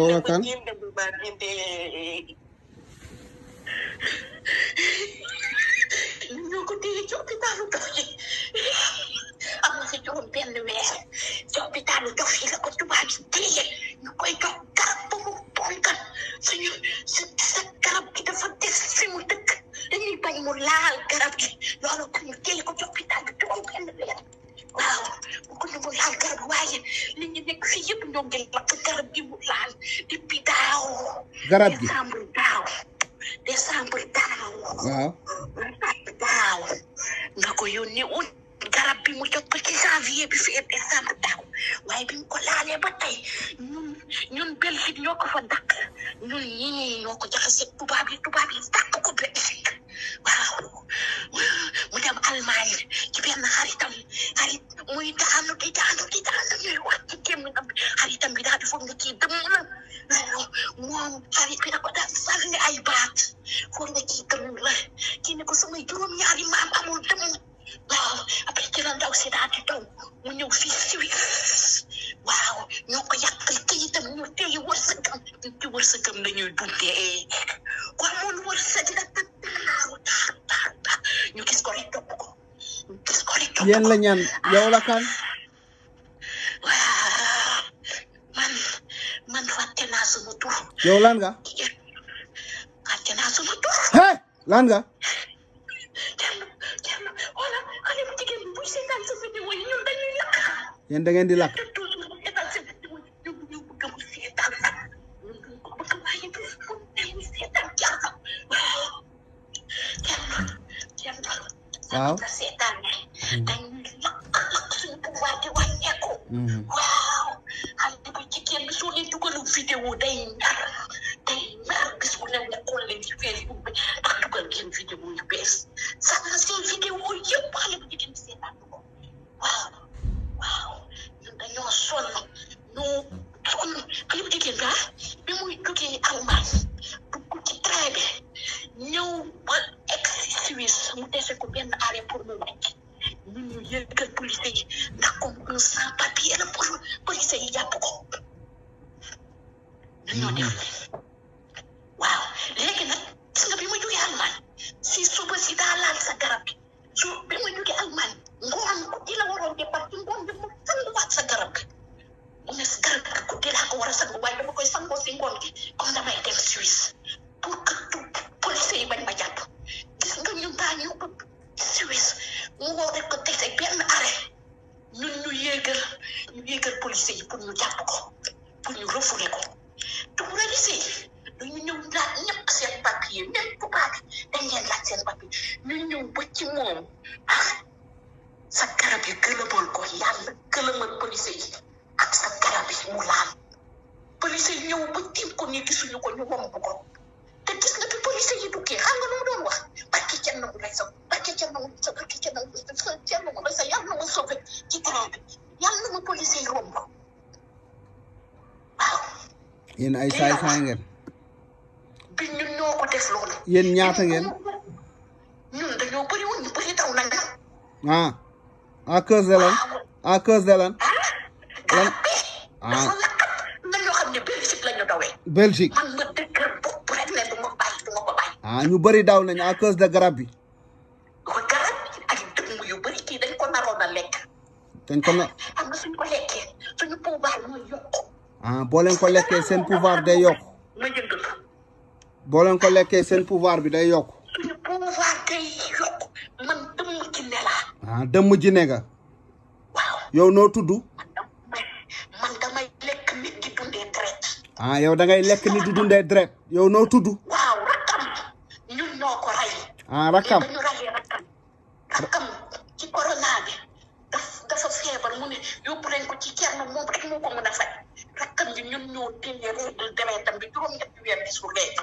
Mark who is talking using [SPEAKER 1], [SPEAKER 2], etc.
[SPEAKER 1] Soxla kan ñoo ko téye ci hôpitalu am na si juróom benn weer ci ko tubaab yi téye ñu koy jox garab ba mu ponkal suñu sa sa garab gi dafa dañuy bañ mu laal garab gi loolu ko ñu ndonge lakk garab gi mu laal depuis daaw. garab gi décembre daaw. décembre daaw. waaw. daaw nga ko yónnee ut garab bi mu jox ko ci janvier bi fi décembre daaw waaye bi mu ko ba tey ñun ñun Belgique ñoo ko fa dàq ñun ñii ñoo ko jaxase tubaab yi tubaab ko Belgique waaw mu dem Allemagne ci benn xaritam xarit muy daanu di daanu di daanu ñuy moom xarit bi da ko daan sànni ay baat foog nga kii gëmul la kii ne ko sama juróom-ñaari maam amul demul waaw après ci la ndaw si di daw mu ñëw fii Suisse waaw ñoo ko yàqal këyitam ñu téye wërsëgam ci wërsëgam la ñuy dundee ku amoon wërsëg la taaru taar taar ñu gis ko rek topp ko ñu gis ko rek ko yéen la ñaan yow la kan ah. naa sama tur. yow lan nga. xàcc naa sama tur. hey lan nga. Thierno Thierno wala xale bu jigéen bi buy seetaan sa vidéo yi ñun dañuy lakk. yéen da ngeen di lakk. waaw. dañuy lakk hmm. lakk suñu pouvoir di wàññeeku. vidéo day nar day nar bis bu nekk nekkoon leen ci Facebook bi ndax dugal ngeen vidéo yu bees sax seen vidéo yëpp xale bu jigéen bi seetaan ko waaw waaw ñun dañoo sonn ñoo sonn xale bu jigéen bi bi muy jógee Allemagne dugg ci train bi ñëw ba ex Suisse mu dese ko benn arrêt pour mu wàcc ñun ñu yëgal police yi ndax comme un sans papier la pour police yi jàpp ko dañoo hmm. def waaw léegi nag gis nga bi ma jógee Allemagne si suba si daa laal sa garab bi su bi ma jógee Allemagne ngoon ku di la waroon départ ci ngoon bi ma sanguwaat sa garab gi ne garab gi ku di laa ko a dama koy sangoo si ngoon gi comme damay dem Suisse pour que tu police yi bañ ma jàpp gis nga ñun daa ñu ko Suisse mu woo rek ko teg teg benn arrêt ñun ñu yéegal ñu yéegal yi pour ñu jàpp ko pour ñu refoulé ko lycée dañu ñëw laaj ñëpp seen papier même tubaab bi dañ leen laaj seen papier ñu ñëw ba ci moom ah sa garab yi gëlëmal ko yàlla gëlëmal police yi ak sa garab yi mu laal police yi ñëw ba tiim ko ñu gisuñu ko ñu romb ko te gis nga bi police yi duggee xam nga nu mu doon wax barki kenn mu lay sa barki kenn mu lay sa barki kenn mu lay sa yàlla na ma sauvé ci garab bi yàlla na ma police yi romb waaw yéen ay saay saay ngeen. bi ñaata ngeen. ñun dañoo bëri woon ñu bëri taw nañ cause ah. de lan. à cause de lan. Ah. Ah. Belgique Belgique. man ñu bëri daw nañ à cause de garab bi. garab bi ak dëmm dañ ko naroon a lekk. dañ ko na. am na ah boo leen ko lekkee seen pouvoir day yokk boo leen ko lekkee seen pouvoir bi day yokk pouvoir ah, day yokk man dëmm ji ne la ah dëmm ne nga yow noo tudd man ah, damay lekk nit di dundee dret yow da lekk nit di dundee dret yow noo tudd waaw ah, rakkam ñun noo ko rakkam rakkam rakkam ci bi daf dafa feebar mu ne yóbbu leen ko ci Cerno moom rek moo ko mën a faj rakkam yi ñun ñoo téye règle deretam bi juróom-ñetti weer bi su lekk